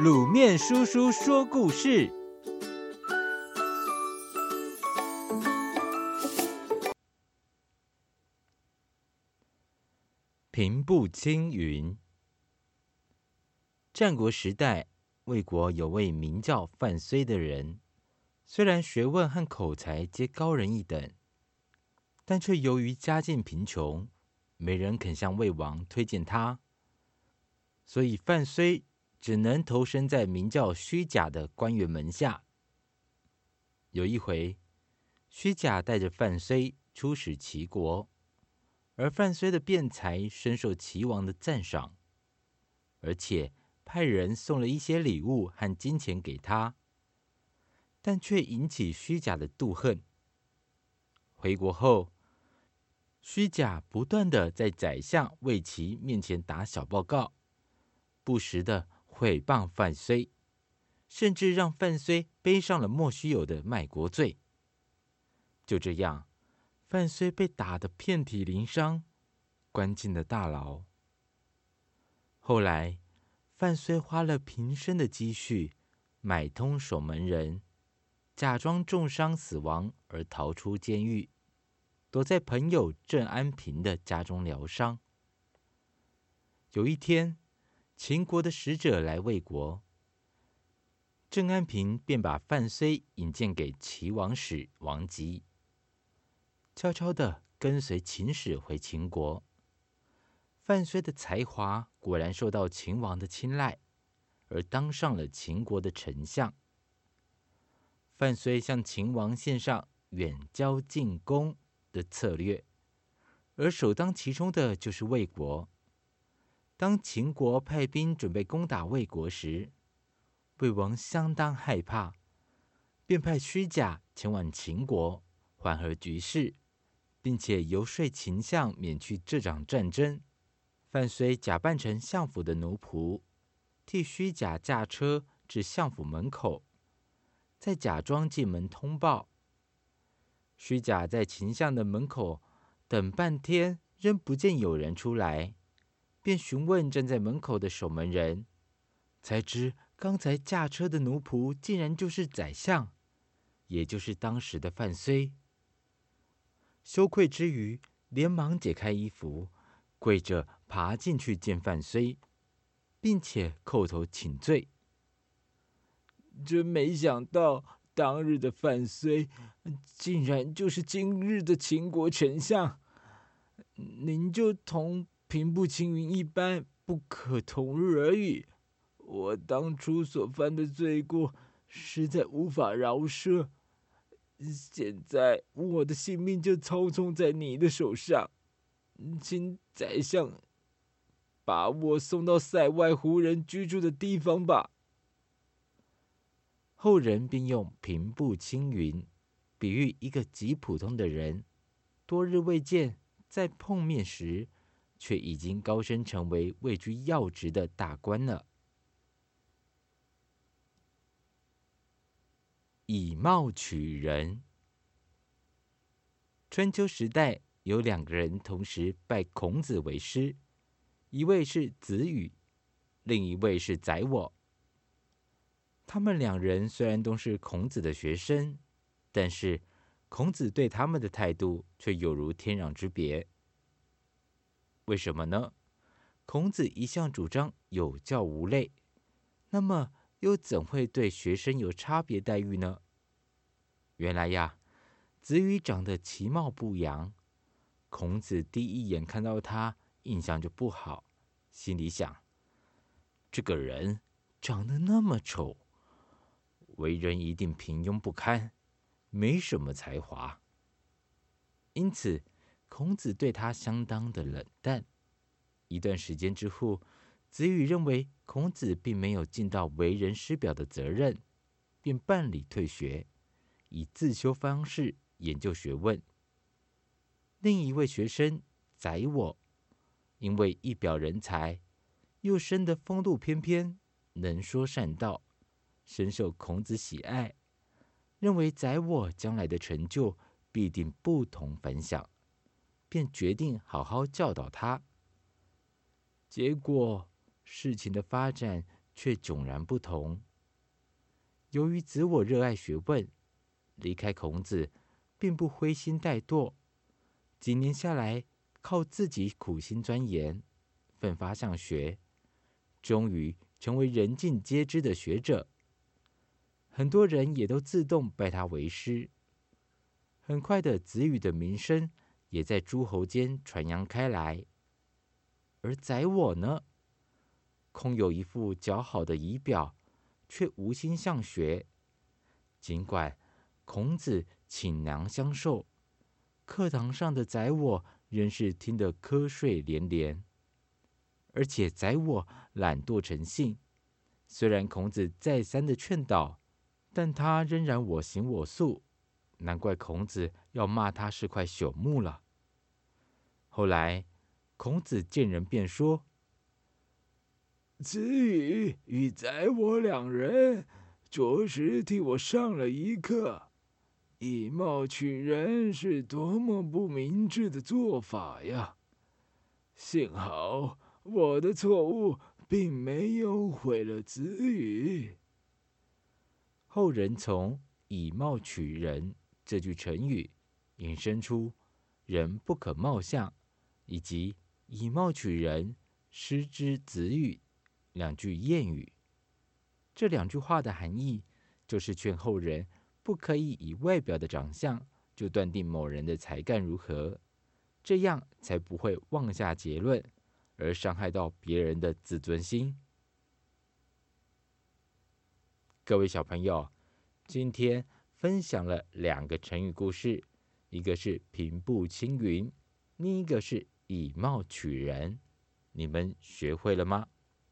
魯面叔叔說故事：平步青雲。戰國時代，魏國有位名叫范睢的人，雖然學問和口才皆高人一等，但卻由於家境貧窮，沒人肯向魏王推薦他，所以范睢，只能投身在名叫虛假的官員門下。有一回，虛假帶着范睢出使齊國，而范睢的辯才深受齊王的讚賞，而且派人送了一些禮物和金錢給他，但卻引起虛假的妒恨。回國後，虛假不斷的在宰相魏齊面前打小報告，不時的。誹謗范睢，甚至讓范睢背上了莫須有的賣國罪。就這樣，范睢被打得遍體鱗傷，關進了大牢。後來，范睢花了平生的積蓄，買通守門人，假裝重傷死亡而逃出監獄，躲在朋友鄭安平的家中療傷。有一天，秦國的使者來魏國，鄭安平便把范睢引薦給齊王使王吉，悄悄的跟隨秦使回秦國。范睢的才華果然受到秦王的青睞，而當上了秦國的丞相。范睢向秦王獻上遠交近攻的策略，而首當其衝的就是魏國。當秦國派兵準備攻打魏國時，魏王相當害怕，便派須賈前往秦國緩和局勢，並且游說秦相免去這場戰爭。范睢假扮成相府的奴僕，替須賈駕車至相府門口，再假裝進門通報。須賈在秦相的門口等半天，仍不見有人出來。便詢問站在門口的守門人，才知剛才駕車的奴僕竟然就是宰相，也就是當時的范睢。羞愧之餘，連忙解開衣服，跪着爬進去見范睢，並且叩頭請罪。真沒想到，當日的范睢，竟然就是今日的秦國丞相。您就同平步青雲一般不可同日而語。我當初所犯的罪過實在無法饒恕。現在我的性命就操縱在你的手上，請宰相把我送到塞外胡人居住的地方吧。後人便用“平步青雲”比喻一個極普通的人。多日未見，在碰面時，卻已經高升，成為位居要職的大官了。以貌取人。春秋時代有兩個人同時拜孔子為師，一位是子羽，另一位是宰我。他們兩人雖然都是孔子的學生，但是孔子對他們的態度卻有如天壤之別。為什麼呢？孔子一向主張有教無類，那麼又怎會對學生有差別待遇呢？原來呀，子羽長得其貌不揚，孔子第一眼看到他，印象就不好，心裡想：這個人長得那麼醜，為人一定平庸不堪，沒什麼才華，因此，孔子對他相當的冷淡。一段時間之後，子羽認為孔子並沒有盡到為人師表的責任，便辦理退學，以自修方式研究學問。另一位學生宰我，因為一表人才，又生得風度翩翩，能說善道，深受孔子喜愛，認為宰我將來的成就必定不同凡響。便決定好好教導他。結果，事情的發展卻迥然不同。由於子我熱愛學問，離開孔子並不灰心怠惰。幾年下來，靠自己苦心鑽研，奮發向學，終於成為人盡皆知的學者。很多人也都自動拜他為師。很快的，子羽的名聲。也在諸侯間傳揚開來。而宰我呢，空有一副姣好的儀表，卻無心向學。儘管孔子傾囊相授，課堂上的宰我仍是聽得瞌睡連連。而且宰我懶惰成性，雖然孔子再三的勸導，但他仍然我行我素。難怪孔子要罵他是塊朽木了。後來，孔子見人便說：“子羽與宰我兩人，着實替我上了一課。以貌取人是多麼不明智的做法呀！幸好我的錯誤並沒有毀了子羽。”後人從以貌取人。這句成語引申出“人不可貌相”以及“以貌取人，失之子羽”兩句諺語。這兩句話的含義就是勸後人不可以以外表的長相就斷定某人的才幹如何，這樣才不會妄下結論而傷害到別人的自尊心。各位小朋友，今天。分享了兩個成語故事，一個是平步青雲，另一個是以貌取人。你們學會了嗎？